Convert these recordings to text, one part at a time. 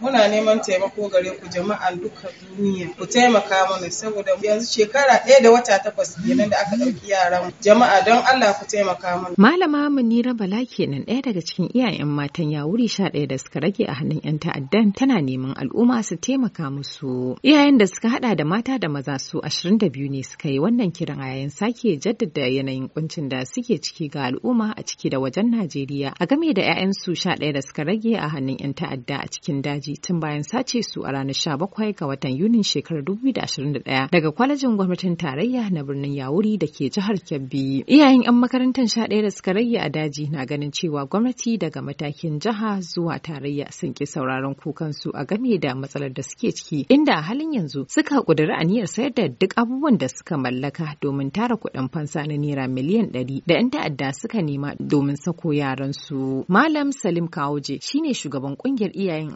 Muna neman taimako gare ku jama'an duka duniya ku taimaka mana saboda yanzu shekara ɗaya da wata takwas kenan da aka ɗauki yaran jama'a don Allah ku taimaka mana. Malama Munira Bala kenan ɗaya daga cikin iyayen matan ya wuri sha ɗaya da suka rage a hannun 'yan ta'addan tana neman al'umma su taimaka musu. Iyayen da suka haɗa da mata da maza su ashirin da biyu ne suka yi wannan kiran a yayin sake jaddada yanayin kuncin da suke ciki ga al'umma a ciki da wajen Najeriya a game da 'ya'yansu sha ɗaya da suka rage a hannun 'yan ta'adda a cikin daji sojoji tun bayan sace su a ranar 17 ga watan Yunin shekarar 2021 daga kwalejin gwamnatin tarayya na birnin Yawuri da ke jihar Kebbi. Iyayen 'yan makarantar sha ɗaya da suka rayya a daji na ganin cewa gwamnati daga matakin jiha zuwa tarayya sun ki sauraron kukan su a game da matsalar da suke ciki inda a halin yanzu suka kudura aniyar sayar da duk abubuwan da suka mallaka domin tara kuɗin fansa na naira miliyan 100 da 'yan ta'adda suka nema domin sako yaran su. Malam Salim Kawoje shine shugaban kungiyar iyayen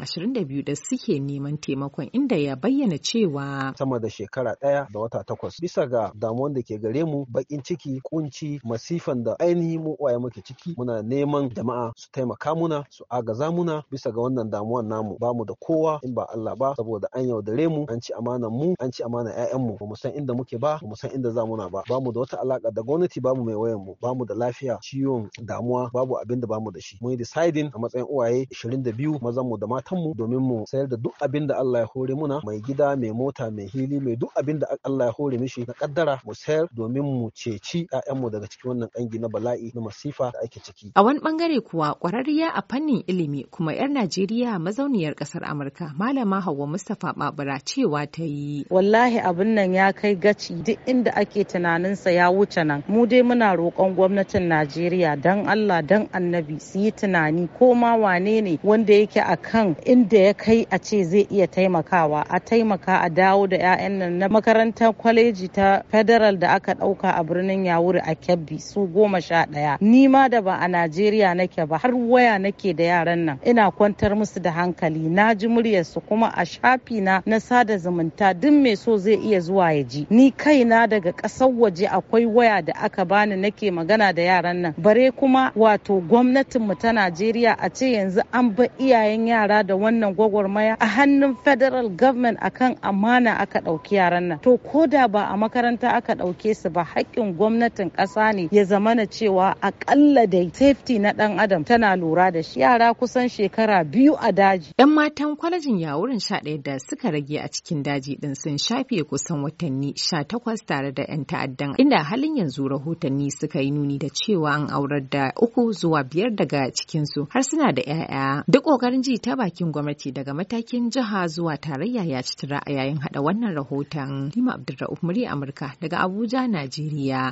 biyu da suke neman taimakon inda ya bayyana cewa sama da shekara ɗaya da wata takwas bisa ga damuwan da ke gare mu bakin ciki kunci masifan da ainihin mu waye muke ciki muna neman jama'a su taimaka muna su agaza muna bisa ga wannan damuwan namu bamu da kowa in ba Allah ba saboda an yaudare mu an ci amana mu an ci amana ƴaƴan mu ba mu san inda muke ba ba mu san inda za na ba bamu da wata alaka da gwamnati bamu mai wayan mu bamu da lafiya ciwon damuwa babu abin da bamu da shi mun yi deciding a matsayin uwaye 22 mazan mu da matan mu domin domin mu sayar da duk abin da Allah ya hore muna mai gida mai mota mai hili mai duk abin da Allah ya hore mishi na kaddara mu sayar domin mu ceci mu daga cikin wannan kangi na bala'i na masifa da ake ciki. A wani bangare kuwa kwararriya a fannin ilimi kuma 'yar Najeriya mazauniyar kasar Amurka malama Hauwa Mustapha Babura cewa ta yi. Wallahi abin nan ya kai gaci duk inda ake tunaninsa ya wuce nan. Mu dai muna roƙon gwamnatin Najeriya dan Allah dan annabi su yi tunani ko ma wane ne wanda yake akan inda ya kai a ce zai iya taimakawa a taimaka a dawo da 'ya'yan nan na makarantar kwaleji ta federal da aka ɗauka a birnin yawuri a kebbi su goma sha ɗaya ni ma da ba a najeriya nake ba har waya nake da yaran nan ina kwantar musu da hankali na ji muryarsu kuma a shafi na na sada zumunta duk mai so zai iya zuwa ya ji ni na daga ƙasar waje akwai waya da aka bani nake magana da yaran nan bare kuma wato gwamnatin mu ta najeriya a ce yanzu an ba iyayen yara da wannan gwagwarmaya a hannun federal government akan amana aka ɗauki yaran nan to ko da ba a makaranta aka ɗauke su ba haƙƙin gwamnatin ƙasa ne ya zamana cewa aƙalla da safety na ɗan adam tana lura da shi yara kusan shekara biyu a daji. Yan matan kwalejin yawurin sha ɗaya da suka rage a cikin daji ɗin sun shafe kusan watanni sha takwas tare da 'yan ta'addan inda halin yanzu rahotanni suka yi nuni da cewa an aurar da uku zuwa biyar daga cikinsu har suna da 'ya'ya duk ƙoƙarin ji ta bakin gwamnati mace daga matakin jiha zuwa tarayya ya ci tura a yayin hada wannan rahoton. Lima Abdulra'uf murya Amurka daga Abuja, Najeriya.